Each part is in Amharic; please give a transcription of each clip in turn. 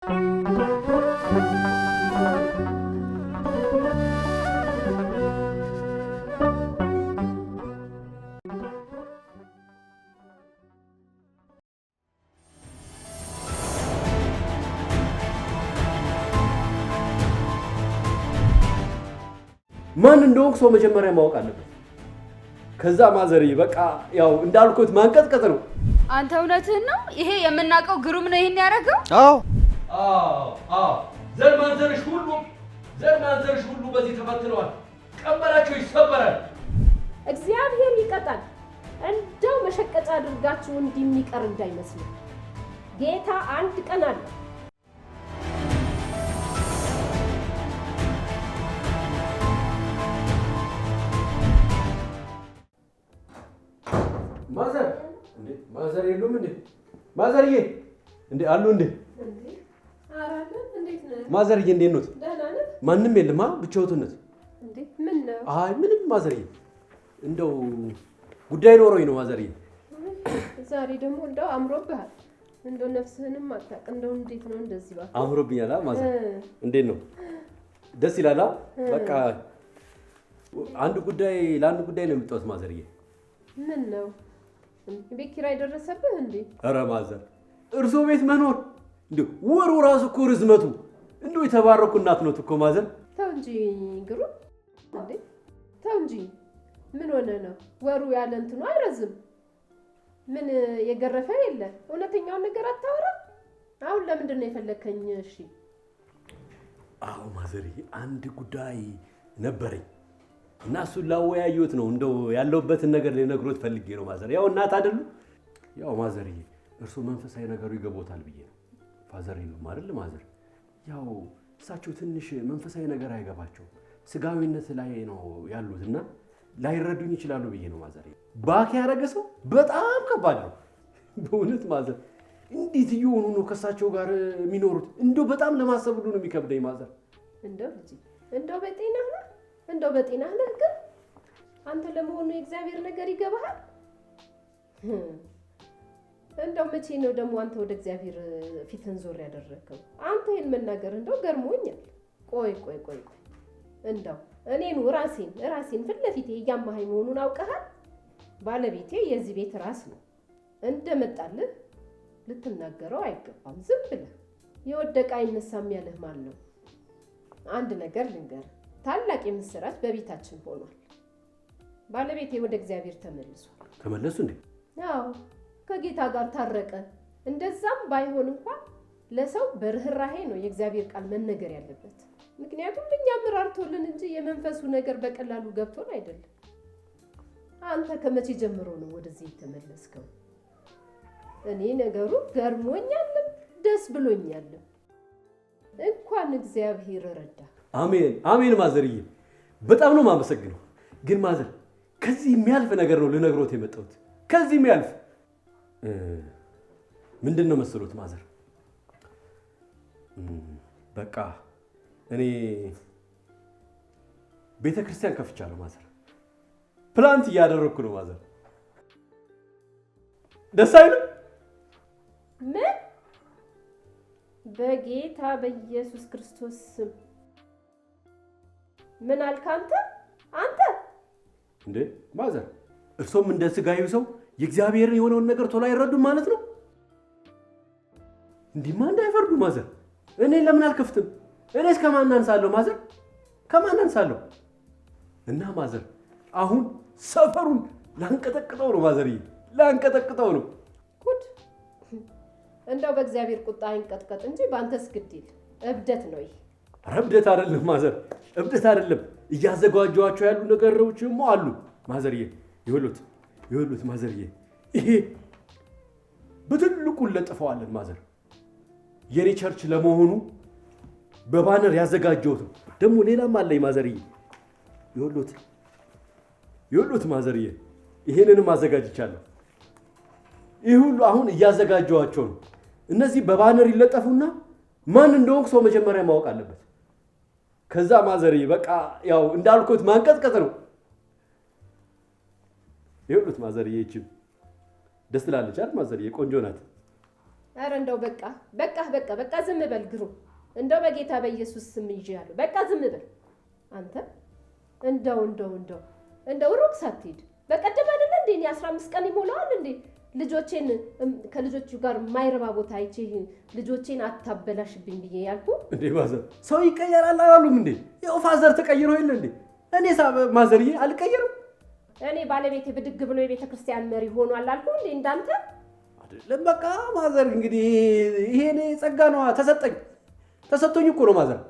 ማን እንደሆንክ ሰው መጀመሪያ ማወቅ አለበት። ከዛ ማዘርዬ በቃ ያው እንዳልኩት ማንቀጥቀጥ ነው። አንተ እውነትህን ነው። ይሄ የምናውቀው ግሩም ነው ይህን ያደረገው። አዎ ዘር ማንዘርሽ ሁሉም ዘር ማንዘርሽ ሁሉ በዚህ ተፈትነዋል። ቀንበራቸው ይሰበራል። እግዚአብሔር ይቀጣል። እንደው መሸቀጫ አድርጋችሁ እንዲህ የሚቀር እንዳይመስል ጌታ አንድ ቀን አለ። ማዘር ማዘር የሉም እንዴ? ማዘርዬ እንዴ አሉ እንዴ? ማዘርዬ እንዴት ኖት? ማንም የለም ብቻዎትን ነው? አይ ምንም ማዘርዬ፣ እንደው ጉዳይ ኖሮኝ ነው ማዘርዬ። ዛሬ ደግሞ እንደው አምሮብሃል፣ እንደው ነፍስህንም አታውቅ። እንደው እንዴት ነው እንደዚህ ባል አምሮብኛል። ማዘር እንዴት ነው? ደስ ይላል። በቃ አንድ ጉዳይ ለአንድ ጉዳይ ነው የምትጠወት ማዘርዬ። ምን ነው ቤት ኪራይ ደረሰብህ እንዴ? ኧረ ማዘር እርሶ ቤት መኖር እንዲ ወሩ ራሱ እኮ ርዝመቱ እንዶ የተባረኩ እናት ነው እኮ ማዘር። ተው እንጂ ግሩ፣ እንዴ ተው እንጂ ምን ሆነ ነው ወሩ ያለ እንትኑ አይረዝም። ምን የገረፈ የለ። እውነተኛውን ነገር አታወራ። አሁን ለምንድን ነው የፈለከኝ? እሺ አዎ ማዘሪ፣ አንድ ጉዳይ ነበረኝ እና እሱን ላወያየሁት ነው። እንደው ያለሁበትን ነገር ልነግሮት ፈልጌ ነው ማዘር። ያው እናት አይደሉ? ያው ማዘርዬ፣ እርሱ መንፈሳዊ ነገሩ ይገቦታል ብዬ ነው ፋዘር ይሉም አይደል ማዘር። ያው እሳቸው ትንሽ መንፈሳዊ ነገር አይገባቸው ስጋዊነት ላይ ነው ያሉትና ላይረዱኝ ይችላሉ ብዬ ነው ማዘር። ባክ ያደረገ ሰው በጣም ከባድ ነው በእውነት ማዘር። እንዴት እየሆኑ ነው ከእሳቸው ጋር የሚኖሩት? እንደው በጣም ለማሰብ ሁሉ ነው የሚከብደኝ ማዘር። እንደው ልጅ እንደው በጤና ነህ እንደው በጤና ነህ ግን አንተ ለመሆኑ የእግዚአብሔር ነገር ይገባሃል? እንደው መቼ ነው ደግሞ አንተ ወደ እግዚአብሔር ፊትን ዞር ያደረገው? አንተ ይህን መናገር እንደው ገርሞኛል። ቆይ ቆይ ቆይ ቆይ እንደው እኔን ራሴን ራሴን ፊት ለፊቴ እያማኸኝ መሆኑን አውቀሃል? ባለቤቴ የዚህ ቤት ራስ ነው። እንደመጣልህ ልትናገረው አይገባም። ዝም ብለህ የወደቀ አይነሳም ያለህ ማን ነው? አንድ ነገር ልንገር፣ ታላቅ የምስራች በቤታችን ሆኗል። ባለቤቴ ወደ እግዚአብሔር ተመልሷል። ተመለሱ እንዴ? አዎ ከጌታ ጋር ታረቀ። እንደዛም ባይሆን እንኳን ለሰው በርኅራሄ ነው የእግዚአብሔር ቃል መነገር ያለበት። ምክንያቱም እኛ ምራርቶልን እንጂ የመንፈሱ ነገር በቀላሉ ገብቶን አይደለም። አንተ ከመቼ ጀምሮ ነው ወደዚህ የተመለስከው? እኔ ነገሩ ገርሞኛልም ደስ ብሎኛልም። እንኳን እግዚአብሔር ረዳ። አሜን አሜን። ማዘርዬ በጣም ነው የማመሰግነው። ግን ማዘር ከዚህ የሚያልፍ ነገር ነው ልነግሮት የመጣሁት ከዚህ የሚያልፍ ምንድን ነው መሰሎት ማዘር፣ በቃ እኔ ቤተ ክርስቲያን ከፍቻለሁ ማዘር። ፕላንት እያደረግኩ ነው ማዘር። ደስ አይልም? ምን? በጌታ በኢየሱስ ክርስቶስ ስም ምን አልክ አንተ? አንተ እንዴ ማዘር፣ እርሶም እንደ ስጋዩ ሰው የእግዚአብሔርን የሆነውን ነገር ቶሎ አይረዱም ማለት ነው። እንዲህማ እንዳይፈርዱ ማዘር፣ እኔ ለምን አልከፍትም? እኔስ ከማን አንሳለሁ ማዘር? ከማን አንሳለሁ? እና ማዘር አሁን ሰፈሩን ላንቀጠቅጠው ነው ማዘርዬ፣ ላንቀጠቅጠው ነው። ጉድ! እንደው በእግዚአብሔር ቁጣ አይንቀጥቀጥ እንጂ በአንተስ ግድ እብደት ነው ይህ። ኧረ እብደት አይደለም ማዘር፣ እብደት አይደለም። እያዘጋጇቸው ያሉ ነገሮችም አሉ ማዘርዬ። ይኸውልዎት፣ ይኸውልዎት ማዘርዬ ይሄ በትልቁ ለጥፈዋለን። ማዘር የኔ ቸርች ለመሆኑ በባነር ያዘጋጀሁት ነው። ደግሞ ሌላም አለኝ ማዘርዬ፣ ይኸውልዎት ይኸውልዎት ማዘርዬ፣ ይሄንንም አዘጋጅቻለሁ። ይህ ሁሉ አሁን እያዘጋጀኋቸው ነው። እነዚህ በባነር ይለጠፉና ማን እንደሆንኩ ሰው መጀመሪያ ማወቅ አለበት። ከዛ ማዘርዬ በቃ ያው እንዳልኩት ማንቀጥቀጥ ነው። ይኸውልዎት ማዘርዬ ይችም ደስ ትላለች አይደል? ማዘርዬ ቆንጆ ናት። አረ እንደው በቃ በቃ በቃ በቃ ዝም በል ግሩ። እንደው በጌታ በኢየሱስ ስም ያለው በቃ ዝም በል አንተ። እንደው እንደው እንደው እንደው ሩቅ ሳትሄድ በቀደም አይደለ እንዴ እኔ አስራ አምስት ቀን ይሞላዋል እንዴ ልጆቼን ከልጆቹ ጋር ማይረባ ቦታ አይቼ ልጆቼን አታበላሽብኝ ብዬ ያልኩ እንዴ። ማዘር ሰው ይቀየራል አላሉም እንዴ? ያው ፋዘር ተቀይሮ የለ እንዴ? እኔ ማዘርዬ አልቀየርም እኔ ባለቤቴ ብድግ ብሎ የቤተ ክርስቲያን መሪ ሆኗል አልኩ እንዴ? እንዳንተ አይደለም። በቃ ማዘር እንግዲህ ይሄ እኔ ጸጋ ነዋ፣ ተሰጠኝ። ተሰጥቶኝ እኮ ነው ማዘር።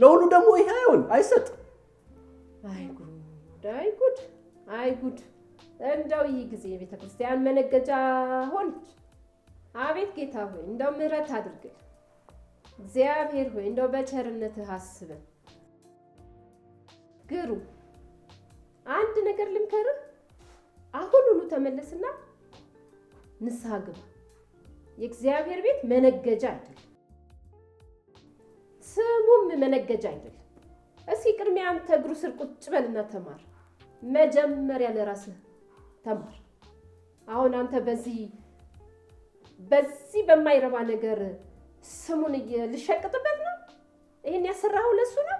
ለሁሉ ደግሞ ይሄ አይሆን አይሰጥ። አይጉድ አይጉድ አይጉድ! እንደው ይህ ጊዜ የቤተ ክርስቲያን መነገጃ ሆነች። አቤት ጌታ ሆይ እንደው ምሕረት አድርግል። እግዚአብሔር ሆይ እንደው በቸርነትህ አስበን ግሩ አንድ ነገር ልምከርህ፣ አሁኑኑ ተመለስና ንስሐ ግባ። የእግዚአብሔር ቤት መነገጃ አይደለም፣ ስሙም መነገጃ አይደለም። እስኪ ቅድሚያ አንተ እግሩ ስር ቁጭ በልና ተማር። መጀመሪያ ለራስህ ተማር። አሁን አንተ በዚህ በዚህ በማይረባ ነገር ስሙን ልሸቅጥበት ነው? ይሄን ያሰራኸው ለሱ ነው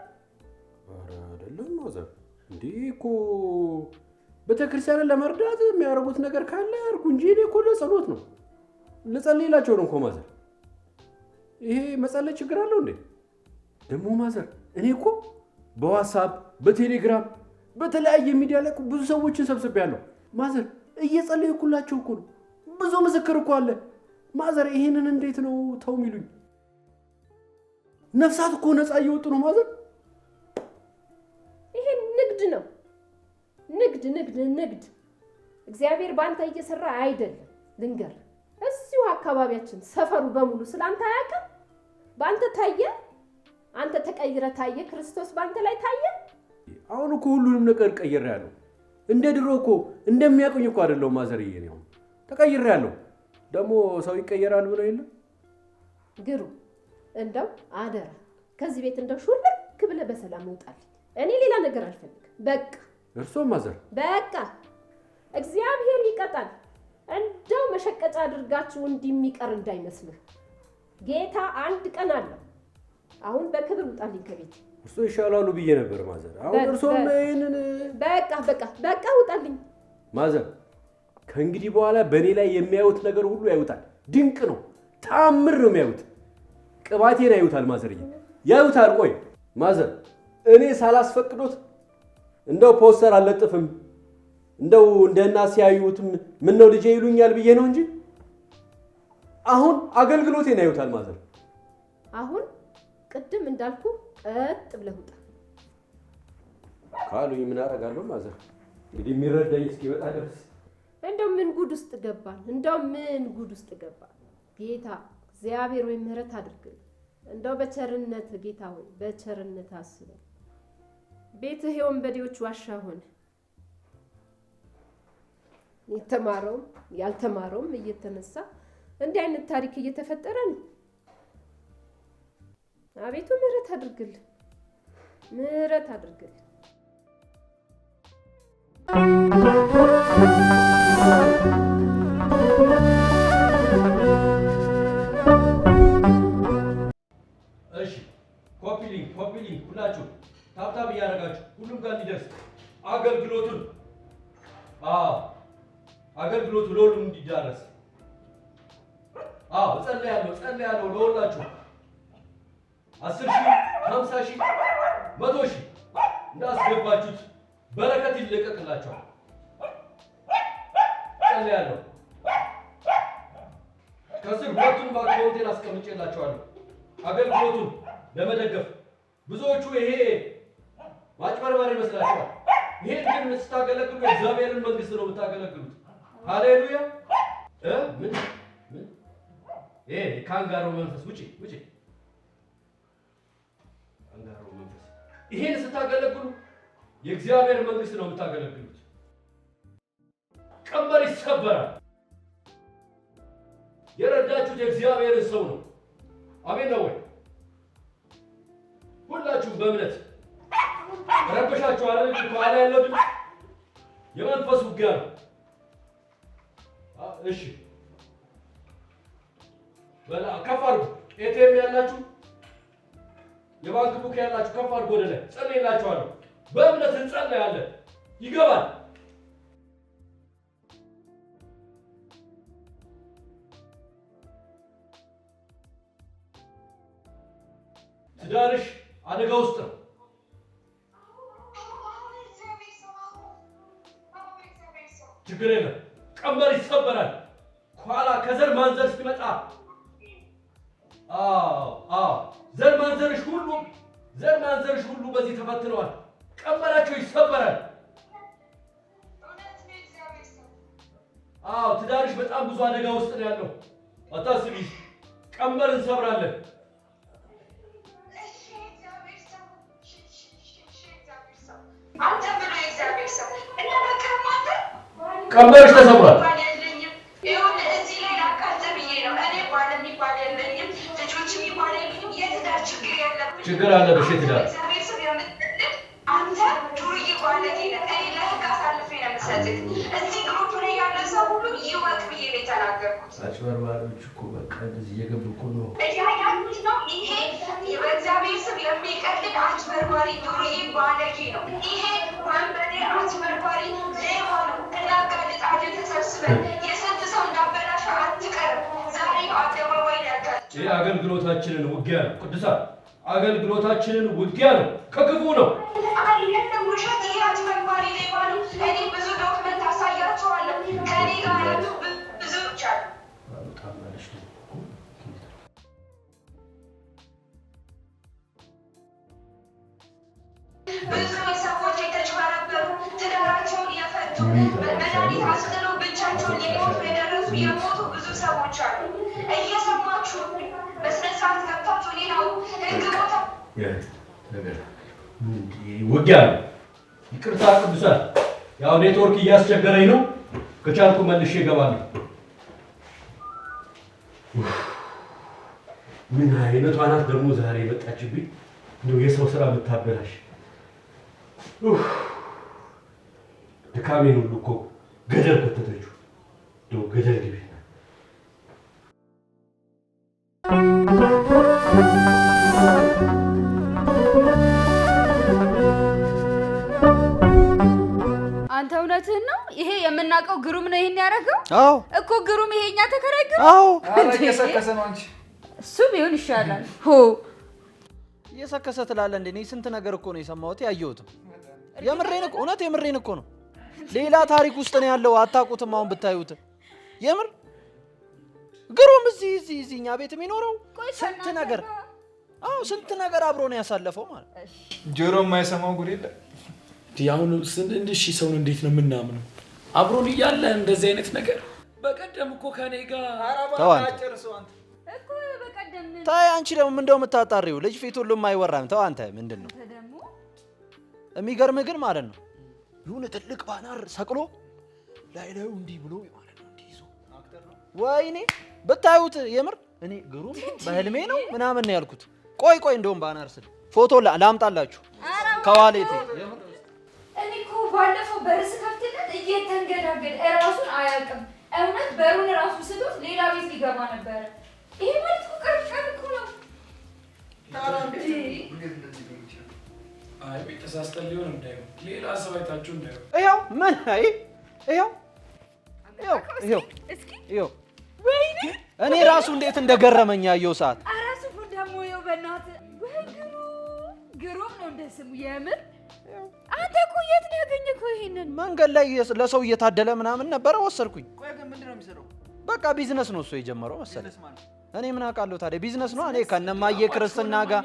አይደለም ማዘር እንዴ እኮ ቤተክርስቲያንን ለመርዳት የሚያደርጉት ነገር ካለ ያርጉ እንጂ እኔ እኮ ለጸሎት ነው ልጸልይላቸው ነው እኮ ማዘር። ይሄ መጸለይ ችግር አለው እንዴ? ደግሞ ማዘር እኔ እኮ በዋትሳፕ በቴሌግራም በተለያየ ሚዲያ ላይ ብዙ ሰዎችን ሰብስቤያለሁ ማዘር። እየጸለይኩላቸው እኮ ነው። ብዙ ምስክር እኮ አለ ማዘር። ይህንን እንዴት ነው ተው የሚሉኝ? ነፍሳት እኮ ነፃ እየወጡ ነው ማዘር። ንግድ ነው። ንግድ ንግድ ንግድ። እግዚአብሔር በአንተ እየሰራ አይደለም። ልንገር፣ እዚሁ አካባቢያችን ሰፈሩ በሙሉ ስለአንተ አያውቅም። በአንተ ታየ፣ አንተ ተቀይረ ታየ፣ ክርስቶስ በአንተ ላይ ታየ። አሁን እኮ ሁሉንም ነገር ቀይር ያለው እንደ ድሮ እኮ እንደሚያቆኝ እኮ አይደለሁም። ማዘርዬ ነው ተቀይሬ ያለው ደግሞ ሰው ይቀየራል ብለው የለም ግሩ። እንደው አደራ ከዚህ ቤት እንደው ሹልክ ብለህ በሰላም እውጣልኝ። እኔ ሌላ ነገር አልፈልግም። በቃ እርሶ ማዘር፣ በቃ እግዚአብሔር ይቀጣል። እንደው መሸቀጫ አድርጋችሁ እንዲሚቀር እንዳይመስልህ። ጌታ አንድ ቀን አለው። አሁን በክብር ውጣልኝ ከቤት። እርሶ ይሻላሉ ብዬ ነበር ማዘር። አሁን እርሶም ይህንን በቃ በቃ በቃ ውጣልኝ ማዘር። ከእንግዲህ በኋላ በእኔ ላይ የሚያዩት ነገር ሁሉ ያዩታል። ድንቅ ነው፣ ታምር ነው የሚያዩት። ቅባቴን ያዩታል ማዘርዬ፣ ያዩታል። ቆይ ማዘር፣ እኔ ሳላስፈቅዶት እንደው ፖስተር አልለጥፍም እንደው እንደና ሲያዩትም ምን ነው ልጄ ይሉኛል ብዬ ነው እንጂ አሁን አገልግሎቴን ያዩታል ማለት ነው። አሁን ቅድም እንዳልኩ ቀጥ ብለህ ውጣ ካሉኝ ምን አደርጋለሁ ማለት ነው። እንግዲህ የሚረዳኝ እስኪመጣ ድረስ እንደው ምን ጉድ ውስጥ ገባን፣ እንደው ምን ጉድ ውስጥ ገባን። ጌታ እግዚአብሔር ወይ ምህረት አድርግን እንደው በቸርነት ጌታ ሆይ በቸርነት አስበን ቤትህ የወንበዴዎች ዋሻ ሆነ። የተማረውም ያልተማረውም እየተነሳ እንዲህ አይነት ታሪክ እየተፈጠረ ነው። አቤቱ ምህረት አድርግልን፣ ምሕረት አድርግልን። ይሄን ስታገለግሉ የእግዚአብሔር መንግስት ነው የምታገለግሉት። ቀንበር ይሰበራል። የረዳችሁት የእግዚአብሔርን ሰው ነው። አሜን ነው ወይ? ሁላችሁም በእምነት ረበሻችሁ አረብ በኋላ ያለብን የመንፈስ ውጊያ ነው። እሺ በላ ከፍ አድርጉ። ኤቲኤም ያላችሁ የባንክ ቡክ ያላችሁ ከፍ አድርጎ ወደ ላይ ጸልይላችኋለሁ። በእምነት እንጸልያለን። ይገባል። ትዳርሽ አደጋ ውስጥ ነው። ችግር የለም። ቀንበር ይሰበራል። ከኋላ ከዘር ማንዘር ሲመጣ አዎ አዎ ዘር ማንዘርሽ ሁሉ ዘር ማንዘርሽ ሁሉ በዚህ ተፈትነዋል። ቀመራቸው ይሰበራል። አዎ ትዳርሽ በጣም ብዙ አደጋ ውስጥ ነው ያለው። አታስቢ፣ ቀመር እንሰብራለን። ቀመርሽ ተሰብሯል። ችግር አለ በሽት ዳር አጭበርባሪዎች እኮ በቃ እንደዚህ እየገቡ እኮ ነው። በእግዚአብሔር ስም የሚቀልድ አጭበርባሪ ዱርዬ ባለጌ ነው። ይሄ ወንበዴ አጭበርባሪ ሌባ ነው። ተሰብስበን የስንት ሰው እንዳበላሸ አትቀርም። ዛሬ አደባባይ ያጋል። አገልግሎታችንን ውጊያ ቅዱሳን አገልግሎታችንን ውጊያ ነው፣ ከክፉ ነው። ብዙ ሰዎች የተጭበረበሩ ትዳራቸውን የፈቱ መድኃኒት አስጥለው ብቻቸውን የሞቱ የደረሱ የሞቱ ብዙ ሰዎች አሉ። እየሰማችሁ ውጊያ ነው። ይቅርታ ቅዱሳን፣ ያው ኔትወርክ እያስቸገረኝ ነው። ከቻልኩ መልሼ እገባለሁ። ምን አይነቷ ናት ደግሞ ዛሬ የመጣችብኝ? እንደው የሰው ስራ የምታበላሽ ድካሜን ሁሉ እኮ ገደል ከተተችው። እንደው ገደል ግቢ አንተ እውነትህን ነው? ይሄ የምናውቀው ግሩም ነው ይሄን ያደረገው? አዎ እኮ ግሩም ይሄኛ ተከራይ ግሩም። አዎ እየሰከሰ ነው እንጂ እሱ ቢሆን ይሻላል። ሆ እየሰከሰ ትላለህ እንዴ? እኔ ስንት ነገር እኮ ነው የሰማሁት ያየሁትም። የምሬን እኮ እውነት የምሬን እኮ ነው። ሌላ ታሪክ ውስጥ ነው ያለው። አታውቁትም አሁን ብታዩት የምር ግሩም እዚህ እዚህ እዚህ እኛ ቤት የሚኖረው ስንት ነገር አዎ ስንት ነገር አብሮ ነው ያሳለፈው። ማለት ጆሮ የማይሰማው ጉድ የለ። አሁን እሺ ሰውን እንዴት ነው የምናምነው? አብሮን እያለ እንደዚህ አይነት ነገር በቀደም እኮ ከኔ ጋር ታይ። አንቺ ደግሞ ምንደው የምታጣሪው ልጅ ፊት ሁሉም አይወራም። ተው አንተ ምንድን ነው የሚገርም ግን ማለት ነው የሆነ ትልቅ ባናር ሰቅሎ ላይ ላዩ እንዲህ ብሎ ማለት ነው እንዲህ ይዞ ወይኔ ብታዩት የምር እኔ ግሩም በህልሜ ነው ምናምን ነው ያልኩት። ቆይ ቆይ እንደውም ባናርስል ፎቶ ላምጣላችሁ ከዋሌት እኔ እኮ ባለፈው በርስ ከፍትለት እየተንገዳገድ እራሱን አያውቅም። እውነት በሩን ራሱ ስቶት ሌላ ቤት ሊገባ ነበረ። ይህ ማለት እኮ ቅርብ ቀን እኮ ነው። ሌላ ሰው አይታችሁ እኔ ራሱ እንዴት እንደገረመኝ ያየው ሰዓት አራሱ ደግሞ ይኸው በእናትህ ግሩም ነው እንደ ስሙ የምር አንተ እኮ የት ነው ያገኘከው ይሄንን መንገድ ላይ ለሰው እየታደለ ምናምን ነበረ ወሰድኩኝ በቃ ቢዝነስ ነው እሱ የጀመረው መሰለኝ እኔ ምን አውቃለሁ ታዲያ ቢዝነስ ነው እኔ ከነማየ ክርስትና ጋር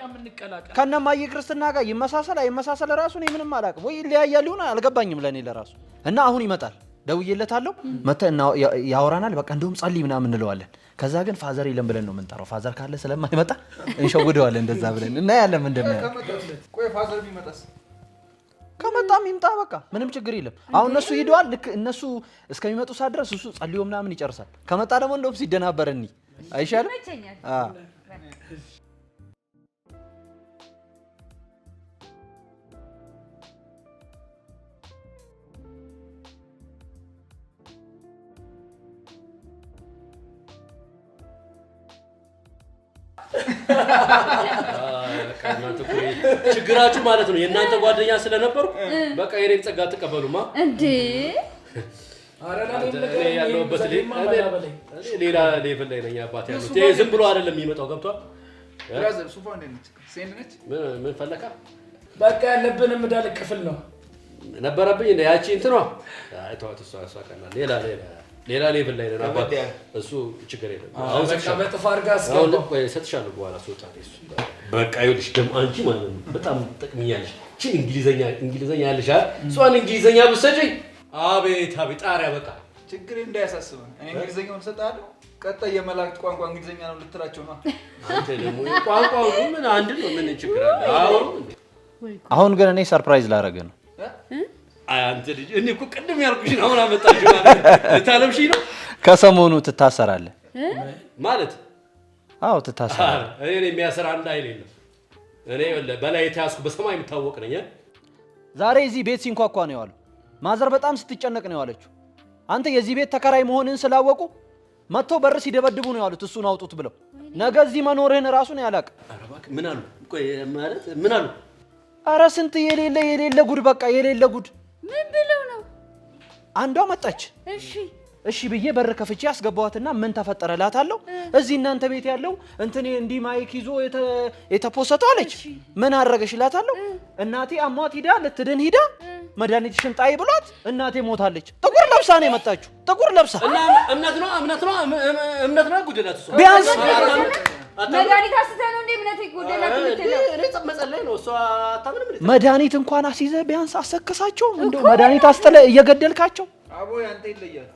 ከነማየ ክርስትና ጋር ይመሳሰል አይመሳሰል ራሱ እኔ ምንም አላውቅም ወይ ሊያያ ሊሆን አልገባኝም ለእኔ ለራሱ እና አሁን ይመጣል ደውዬለታለሁ። መተ ያወራናል። በቃ እንደውም ጸልይ ምናምን እንለዋለን። ከዛ ግን ፋዘር የለም ብለን ነው የምንጠራው። ፋዘር ካለ ስለማይመጣ እንሸውደዋለን። እንደዛ ብለን እና ያለ ምንድን ከመጣም ይምጣ፣ በቃ ምንም ችግር የለም። አሁን እነሱ ሂደዋል። ልክ እነሱ እስከሚመጡ ሰዓት ድረስ እሱ ጸልዮ ምናምን ይጨርሳል። ከመጣ ደግሞ እንደውም ሲደናበረኒ አይሻልም? ችግራችሁ ማለት ነው የእናንተ ጓደኛ ስለነበሩ በቃ የእኔን ጸጋ አትቀበሉማ እንዴ? ያለሁበት ሌላ ሌቭል ላይ ነኝ። አባት ያሉት ዝም ብሎ አይደለም የሚመጣው። ገብቷል። ምን ፈለካ? በቃ ያለብን ምዳል ክፍል ነው ነበረብኝ። ያቺ እንትኗ ሌላ ሌላ ሌላ ሌቭል ላይ ነን። አባት እሱ ችግር የለም። በኋላ ስወጣ በቃ ይኸውልሽ፣ ደግሞ አንቺ ማለት በጣም ጠቅሚያለሽ። ቺን እንግሊዘኛ እንግሊዘኛ ያለሽ አይደል? እሷን እንግሊዘኛ ብትሰጪኝ አቤት አቤት ጣሪያ በቃ ችግር እንዳያሳስብ እኔ እንግሊዘኛውን እሰጥሃለሁ። ቀጣይ የመላእክት ቋንቋ እንግሊዘኛ ነው ልትላቸው ነው። አንተ ደግሞ ቋንቋው ምን አንድ ነው። ምን ችግር አለ? አሁን ግን እኔ ሰርፕራይዝ ላደርግህ ነው አንተ ልጅ እኔ እኮ ቅድም ያልኩሽን አሁን አመጣሽው ማለት ነው። ከሰሞኑ ትታሰራለህ ማለት? አዎ ትታሰራለህ። እኔ የሚያሰራ አንድ አይል የለም። እኔ በላይ የተያዝኩ በሰማይ የምታወቅ ነኝ። ዛሬ እዚህ ቤት ሲንኳኳ ነው የዋለው። ማዘር በጣም ስትጨነቅ ነው የዋለችው። አንተ የዚህ ቤት ተከራይ መሆንን ስላወቁ መጥቶ በር ሲደበድቡ ነው ያሉት፣ እሱን አውጡት ብለው። ነገ እዚህ መኖርህን ራሱን ያላቅ ምን አሉ ማለት ምን አሉ? አረ ስንት የሌለ የሌለ ጉድ፣ በቃ የሌለ ጉድ ምን ብለው ነው? አንዷ መጣች። እሺ እሺ ብዬ በር ከፍቼ ያስገባዋትና ምን ተፈጠረ እላታለሁ። እዚህ እናንተ ቤት ያለው እንትን እንዲህ ማይክ ይዞ የተፖሰተው አለች። ምን አደረገሽ እላታለሁ። እናቴ አሟት ሂዳ ልትድን ሂዳ መድኃኒትሽን ጣይ ብሏት እናቴ ሞታለች። ጥቁር ለብሳ ነው የመጣችሁ። ጥቁር ለብሳ እምነት ነው እምነት ነው እምነት ነው ጉድለት ቢያንስ መድኃኒት አስተህ ነው እንደ እምነት ጎደላት የምትለው መጸለይ ነው። እሷ አታምንም። መድኃኒት እንኳን አስይዘህ ቢያንስ አሰክሳቸውም እንደው መድኃኒት አስጥለህ እየገደልካቸው አቦ ያንተ ይለያል።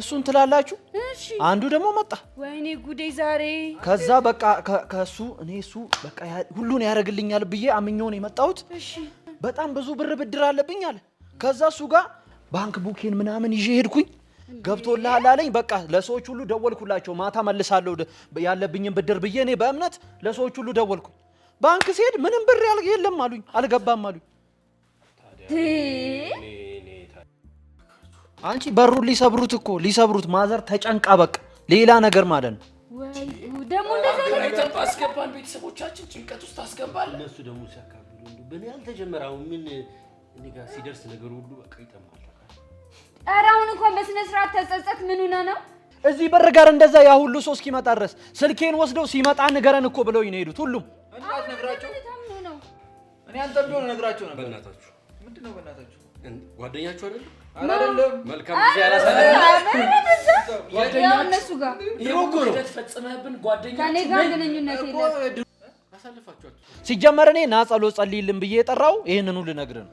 እሱን ትላላችሁ። አንዱ ደግሞ መጣ። ወይኔ ጉዴ ዛሬ። ከዛ በቃ ከሱ እኔ እሱ በቃ ሁሉን ያደርግልኛል ብዬ አምኜውን የመጣሁት በጣም ብዙ ብር ብድር አለብኝ አለ። ከዛ እሱ ጋር ባንክ ቡኬን ምናምን ይዤ ሄድኩኝ። ገብቶልሃል አለኝ። በቃ ለሰዎች ሁሉ ደወልኩላቸው። ማታ መልሳለሁ ያለብኝን ብድር ብዬ እኔ በእምነት ለሰዎች ሁሉ ደወልኩ። ባንክ ሲሄድ ምንም ብር የለም አሉኝ፣ አልገባም አሉኝ። አንቺ በሩ ሊሰብሩት እኮ ሊሰብሩት፣ ማዘር ተጨንቃ በቃ ሌላ ነገር ማለት ነው። ደግሞ አስገባን፣ ቤተሰቦቻችን ጭንቀት ውስጥ አስገባል። እነሱ ደግሞ ሲያካብሉ ምን ያልተጀመረ አሁን ምን ሲደርስ ነገር ሁሉ በቃ ይጠማል ኧረ አሁን እንኳን በስነ ስርዓት ተጸጸት። ምን ሆነ ነው እዚህ በር ጋር እንደዛ ያ ሁሉ ሰው እስኪመጣ ድረስ ስልኬን ወስደው ሲመጣ ንገረን እኮ ብለው ነው የሄዱት። ሁሉም እኔ አንተ እንደሆነ ነግራቸው ነበር። በእናታችሁ ምንድን ነው በእናታችሁ ጓደኛችሁ አይደለም አይደለም። መልካም ጊዜ እነሱ ጋር ሲጀመር እኔ ና ጸሎት ጸልይልን ብዬ የጠራው ይህንኑ ልነግርህ ነው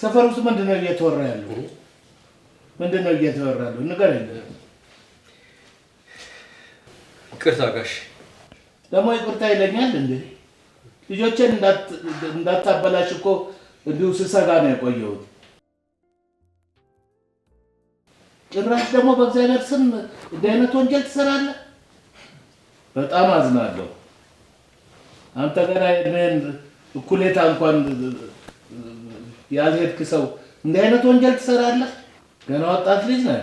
ሰፈር ውስጥ ምንድን ነው እየተወራ ያለው? ምንድን ነው እየተወራ ያለው? ንገረኝ። ይቅርታ ጋሽ። ደግሞ ይቅርታ ይለኛል እንዴ? ልጆቼን እንዳታበላሽ እኮ እንዲሁ ስሰጋ ነው የቆየሁት። ጭራሽ ደግሞ በእግዚአብሔር ስም እንዲህ አይነት ወንጀል ትሰራለህ? በጣም አዝናለሁ። አንተ ገና እድሜን እኩሌታ እንኳን ያልሄድክ ሰው እንዲህ አይነት ወንጀል ትሰራለህ? ገና ወጣት ልጅ ነህ።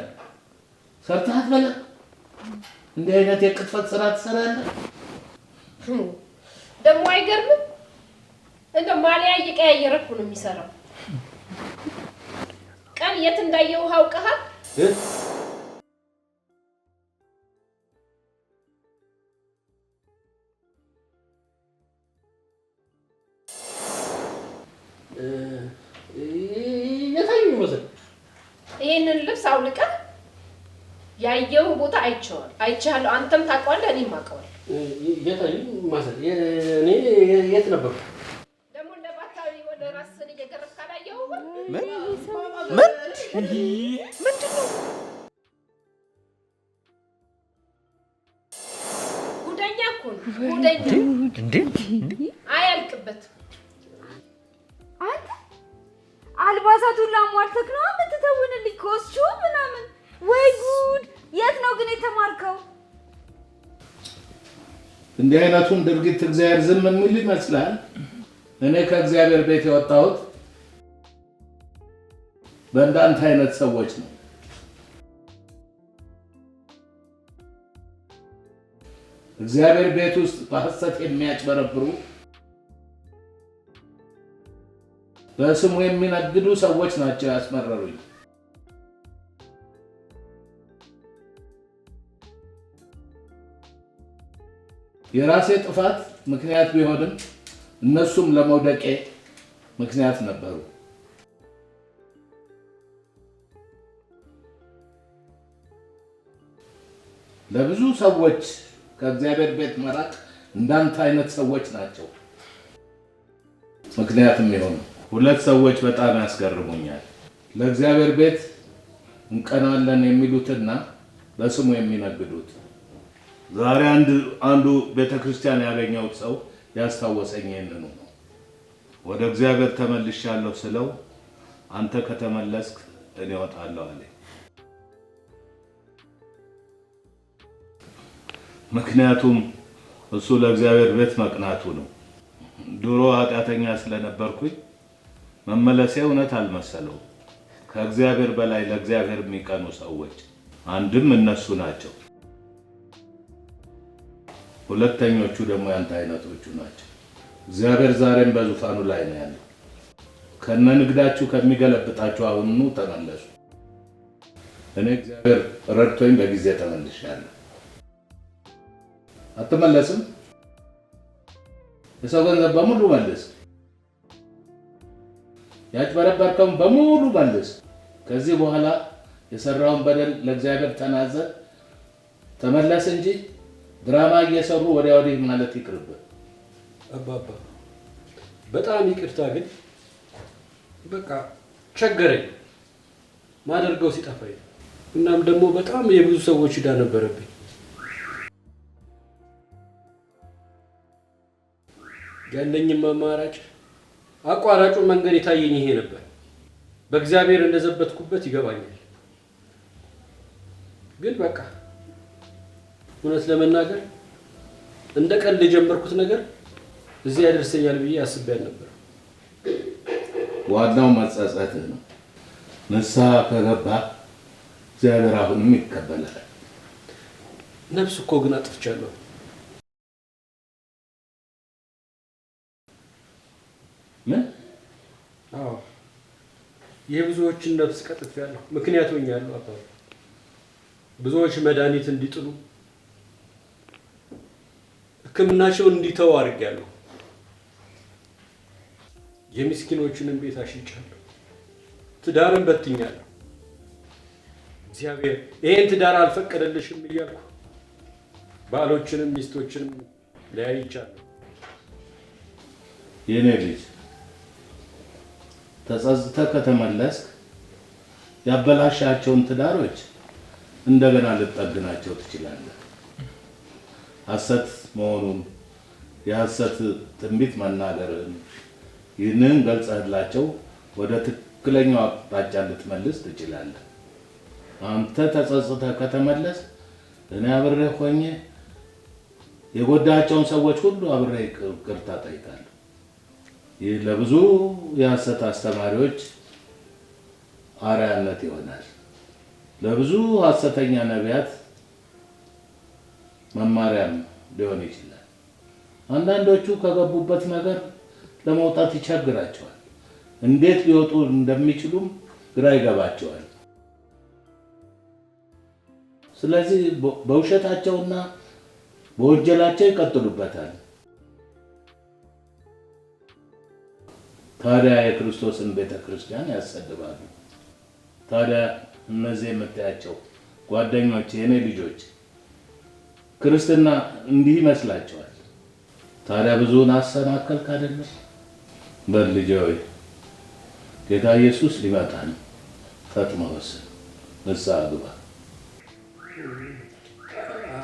ሰርተህ አትበላ። እንዲህ አይነት የቅጥፈት ስራ ትሰራለህ? ደግሞ አይገርምም። እንደ ማሊያ እየቀያየረ ነው የሚሰራው። ቀን የት እንዳየው አውቀሃል? ያየውን ቦታ አይቼዋለሁ፣ አይቼሃለሁ። አንተም ታውቀዋለህ፣ እኔም አውቀዋለሁ። እኔ የት ነበር ደግሞ? እንደ ባታዊ ወደ ራስህን እየገረፍክ ካላየው ምን ምን ምንድን ነው ጉደኛ እኮ ነው ጉደኛ። አያልቅበትም። አንተ አልባሳቱን ላሟልተክ ነው የምትተውንልኝ ኮስቹም ወይ ጉድ! የት ነው ግን የተማርከው? እንዲህ አይነቱን ድርጊት እግዚአብሔር ዝም የሚል ይመስላል። እኔ ከእግዚአብሔር ቤት የወጣሁት በእንዳንተ አይነት ሰዎች ነው። እግዚአብሔር ቤት ውስጥ በሐሰት የሚያጭበረብሩ በስሙ የሚነግዱ ሰዎች ናቸው ያስመረሩኝ። የራሴ ጥፋት ምክንያት ቢሆንም እነሱም ለመውደቄ ምክንያት ነበሩ። ለብዙ ሰዎች ከእግዚአብሔር ቤት መራቅ እንዳንተ አይነት ሰዎች ናቸው ምክንያትም የሆኑ። ሁለት ሰዎች በጣም ያስገርሙኛል። ለእግዚአብሔር ቤት እንቀናለን የሚሉትና ለስሙ የሚነግዱት ዛሬ አንዱ ቤተክርስቲያን ያገኘሁት ሰው ያስታወሰኝ ይህንኑ ነው። ወደ እግዚአብሔር ተመልሻለሁ ስለው አንተ ከተመለስክ እኔ እወጣለሁ አለኝ። ምክንያቱም እሱ ለእግዚአብሔር ቤት መቅናቱ ነው። ድሮ ኃጢአተኛ ስለነበርኩኝ መመለሴ እውነት አልመሰለውም። ከእግዚአብሔር በላይ ለእግዚአብሔር የሚቀኑ ሰዎች አንድም እነሱ ናቸው። ሁለተኞቹ ደግሞ ያንተ አይነቶቹ ናቸው። እግዚአብሔር ዛሬም በዙፋኑ ላይ ነው ያለው። ከነ ንግዳችሁ ከሚገለብጣችሁ አሁኑ ተመለሱ። እኔ እግዚአብሔር ረድቶኝ በጊዜ ተመልሻለሁ። አትመለስም? የሰው ገንዘብ በሙሉ መልስ፣ ያጭበረበርከውን በሙሉ መልስ። ከዚህ በኋላ የሰራውን በደል ለእግዚአብሔር ተናዘ ተመለስ እንጂ ድራማ እየሰሩ ወዲያ ወዲህ ማለት ይቅርብህ አባባ። በጣም ይቅርታ ግን በቃ ቸገረኝ፣ ማደርገው ሲጠፋኝ። እናም ደግሞ በጣም የብዙ ሰዎች ዕዳ ነበረብኝ። ያለኝም አማራጭ አቋራጩ መንገድ የታየኝ ይሄ ነበር። በእግዚአብሔር እንደዘበትኩበት ይገባኛል፣ ግን በቃ እውነት ለመናገር እንደ ቀልድ የጀመርኩት ነገር እዚህ ያደርሰኛል ብዬ አስበያል ነበር። ዋናው መጸጸትህ ነው። ንስሐ ከገባ እግዚአብሔር አሁንም ይቀበላል። ነፍስ እኮ ግን አጥፍቻለሁ። ምን? አዎ የብዙዎችን ነፍስ ቀጥፌያለሁ። ምክንያት ሆኛለሁ አባ ብዙዎች መድኃኒት እንዲጥሉ ህክምናቸውን እንዲተው አድርጊያለሁ። የሚስኪኖችንም ቤት አሽጫለሁ። ትዳርን በትኛለሁ። እግዚአብሔር ይህን ትዳር አልፈቀደልሽም እያልኩ ባሎችንም ሚስቶችንም ለያይቻለሁ። የእኔ ቤት ተጸጽተህ ከተመለስክ ያበላሻቸውን ትዳሮች እንደገና ልጠግናቸው ትችላለህ። ሐሰት መሆኑን የሐሰት ትንቢት መናገርን ይህንን ገልጸህላቸው ወደ ትክክለኛው አቅጣጫ ልትመልስ ትችላለህ። አንተ ተጸጽተህ ከተመለስ እኔ አብሬ ሆኜ የጎዳቸውን ሰዎች ሁሉ አብሬ ይቅርታ ጠይቃለሁ። ይህ ለብዙ የሐሰት አስተማሪዎች አርአያነት ይሆናል። ለብዙ ሐሰተኛ ነቢያት መማሪያም ሊሆን ይችላል። አንዳንዶቹ ከገቡበት ነገር ለመውጣት ይቸግራቸዋል። እንዴት ሊወጡ እንደሚችሉም ግራ ይገባቸዋል። ስለዚህ በውሸታቸውና በወንጀላቸው ይቀጥሉበታል። ታዲያ የክርስቶስን ቤተ ክርስቲያን ያሰድባሉ። ታዲያ እነዚህ የምታያቸው ጓደኞች የእኔ ልጆች ክርስትና እንዲህ ይመስላቸዋል። ታዲያ ብዙውን አሰናከልክ አይደለም? በል ልጄ ሆይ ጌታ ኢየሱስ ሊመጣ ነው፣ ፈጥነህ ወስን፣ ንስሐ ግባ።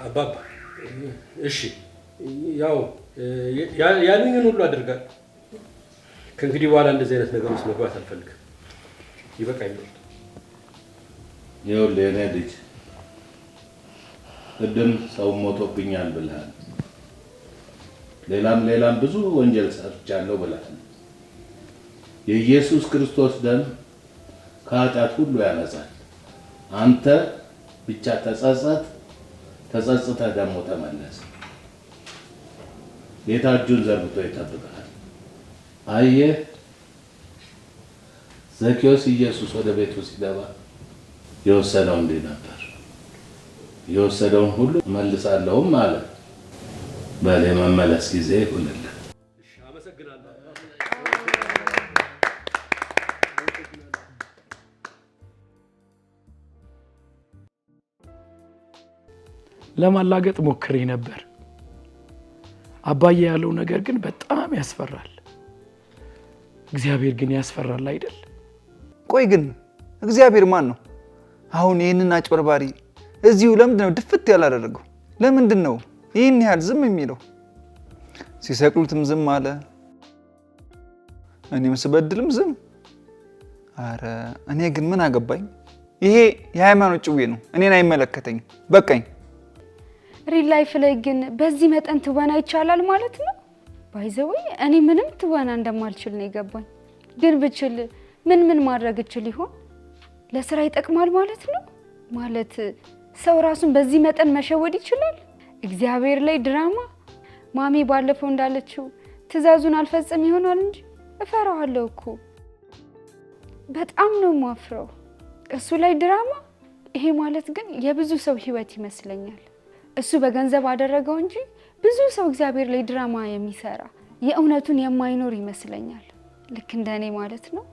አባባ እሺ፣ ያው ያሉኝን ሁሉ አድርጋል። ከእንግዲህ በኋላ እንደዚህ አይነት ነገር ውስጥ መግባት አልፈልግም። ይበቃኛል። ይኸውልህ የእኔ ልጅ ቅድም ሰው ሞቶብኛል ብልሃል፣ ሌላም ሌላም ብዙ ወንጀል ሰርቻለሁ ብልሃል። የኢየሱስ ክርስቶስ ደም ከኃጢአት ሁሉ ያነጻል። አንተ ብቻ ተጸጸት፣ ተጸጽተ ደግሞ ተመለስ። ጌታ እጁን ዘርግቶ ይጠብቃል። አየህ ዘኬዎስ ኢየሱስ ወደ ቤቱ ሲገባ የወሰነው እንዲህ ነበር። የወሰደውን ሁሉ መልሳለሁም አለ። በል የመመለስ ጊዜ ይሁንልን። ለማላገጥ ሞክሬ ነበር። አባዬ ያለው ነገር ግን በጣም ያስፈራል። እግዚአብሔር ግን ያስፈራል አይደል? ቆይ ግን እግዚአብሔር ማን ነው? አሁን ይህንን አጭበርባሪ እዚሁ ለምንድን ነው ድፍት ያላደረገው? ለምንድን ነው ይህን ያህል ዝም የሚለው? ሲሰቅሉትም ዝም አለ። እኔም ስበድልም ዝም። አረ እኔ ግን ምን አገባኝ? ይሄ የሃይማኖት ጭዌ ነው፣ እኔን አይመለከተኝም። በቃኝ። ሪል ላይፍ ላይ ግን በዚህ መጠን ትወና ይቻላል ማለት ነው? ባይዘወይ እኔ ምንም ትወና እንደማልችል ነው የገባኝ። ግን ብችል ምን ምን ማድረግ እችል ይሆን? ለስራ ይጠቅማል ማለት ነው ማለት ሰው ራሱን በዚህ መጠን መሸወድ ይችላል? እግዚአብሔር ላይ ድራማ። ማሚ ባለፈው እንዳለችው ትዕዛዙን አልፈጽም ይሆናል እንጂ እፈራዋለሁ እኮ በጣም ነው የማፍረው። እሱ ላይ ድራማ። ይሄ ማለት ግን የብዙ ሰው ህይወት ይመስለኛል። እሱ በገንዘብ አደረገው እንጂ ብዙ ሰው እግዚአብሔር ላይ ድራማ የሚሰራ የእውነቱን የማይኖር ይመስለኛል። ልክ እንደኔ ማለት ነው።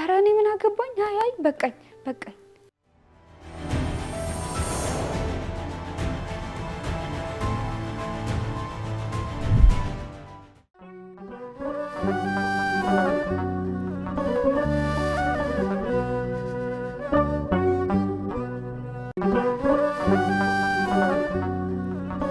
ኧረ እኔ ምን አገባኝ? አይ አይ በቃኝ በቃኝ